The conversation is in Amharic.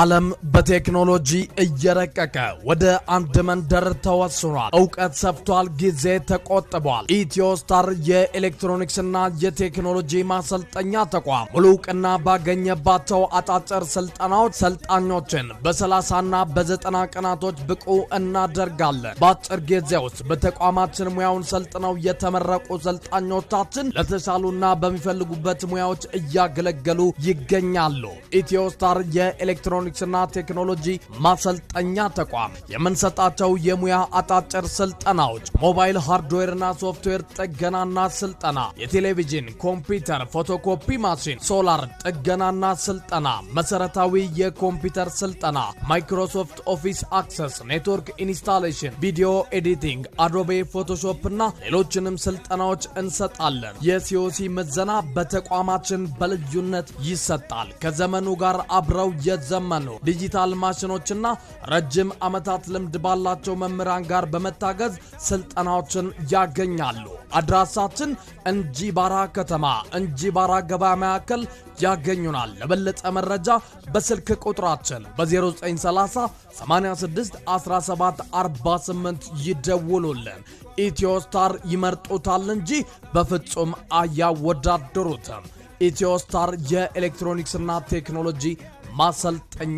ዓለም በቴክኖሎጂ እየረቀቀ ወደ አንድ መንደር ተወስኗል። እውቀት ሰፍቷል፣ ጊዜ ተቆጥቧል። ኢትዮስታር የኤሌክትሮኒክስና የቴክኖሎጂ ማሰልጠኛ ተቋም ሙሉ እውቅና ባገኘባቸው አጫጭር ስልጠናዎች ሰልጣኞችን በ በዘጠና ና ቀናቶች ብቁ እናደርጋለን። በአጭር ጊዜ ውስጥ በተቋማችን ሙያውን ሰልጥነው የተመረቁ ሰልጣኞቻችን ለተሻሉና በሚፈልጉበት ሙያዎች እያገለገሉ ይገኛሉ። ኢትዮስታር የኤሌክትሮኒ ኤሌክትሮኒክስና ቴክኖሎጂ ማሰልጠኛ ተቋም የምንሰጣቸው የሙያ አጫጭር ስልጠናዎች ሞባይል ሃርድዌርና ሶፍትዌር ጥገናና ስልጠና፣ የቴሌቪዥን ኮምፒውተር፣ ፎቶኮፒ ማሽን፣ ሶላር ጥገናና ስልጠና፣ መሰረታዊ የኮምፒውተር ስልጠና፣ ማይክሮሶፍት ኦፊስ አክሰስ፣ ኔትወርክ ኢንስታሌሽን፣ ቪዲዮ ኤዲቲንግ፣ አዶቤ ፎቶሾፕ እና ሌሎችንም ስልጠናዎች እንሰጣለን። የሲኦሲ ምዘና በተቋማችን በልዩነት ይሰጣል። ከዘመኑ ጋር አብረው የዘመ ነው። ዲጂታል ማሽኖችና ረጅም ዓመታት ልምድ ባላቸው መምህራን ጋር በመታገዝ ስልጠናዎችን ያገኛሉ። አድራሳችን እንጂባራ ከተማ እንጂባራ ገበያ መካከል ያገኙናል። ለበለጠ መረጃ በስልክ ቁጥራችን በ0930 86 17 48 ይደውሉልን። ኢትዮስታር ይመርጡታል እንጂ በፍጹም አያወዳደሩትም። ኢትዮስታር የኤሌክትሮኒክስና ቴክኖሎጂ ማሰልጠኛ